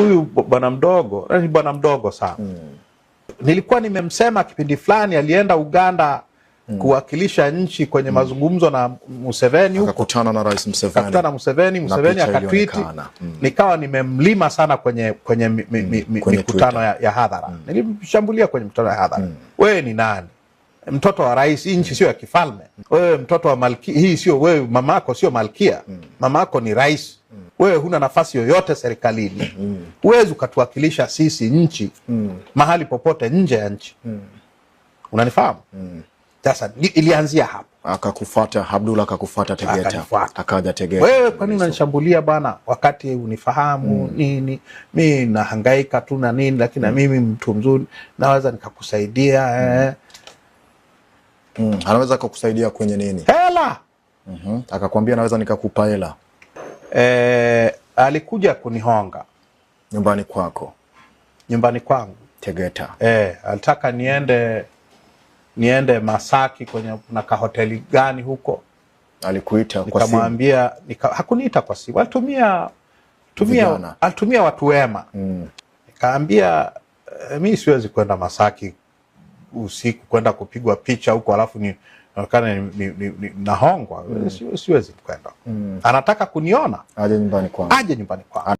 huyu bwana mdogo eh, ni bwana mdogo sana mm. Nilikuwa nimemsema kipindi fulani, alienda Uganda mm. kuwakilisha nchi kwenye mm. mazungumzo na Museveni huko, akakutana na Rais Museveni, akakutana Museveni, Museveni akatwiti mm. nikawa nimemlima sana kwenye kwenye mi, mi, mi, mm. kwenye mikutano ya, ya hadhara mm. nilimshambulia kwenye mkutano ya hadhara mm. wewe ni nani? Mtoto wa rais, hii nchi hmm. sio ya kifalme. Wewe mtoto wa malkia, hii sio wewe, mamako sio malkia, hmm. mamako ni rais mm wewe huna nafasi yoyote serikalini, mm-hmm. huwezi mm. ukatuwakilisha sisi nchi mm. mahali popote nje ya nchi mm. unanifahamu? Sasa mm. ilianzia hapo, akakufuata Abdullah, akakufuata Tegeta, akaja Tegeta. Wewe kwa nini unanishambulia bwana, wakati unifahamu mm. nini? Mi nahangaika tu na nini, lakini na mm. mimi mtu mzuri naweza nikakusaidia mm. mm. anaweza akakusaidia kwenye nini? Hela. mm -hmm. Akakwambia naweza nikakupa hela e, alikuja kunihonga nyumbani kwako? Nyumbani kwangu Tegeta. E, alitaka niende niende Masaki kwenye na kahoteli gani huko. Alikuita kwa simu? Nikamwambia nika, hakuniita kwa simu, alitumia tumia alitumia watu wema mm. Nikaambia eh, mi siwezi kwenda Masaki usiku kwenda kupigwa picha huko, alafu ni kana nahongwa, mm. siwezi kwenda. Mm. Anataka kuniona aje nyumbani kwangu, aje nyumbani kwangu.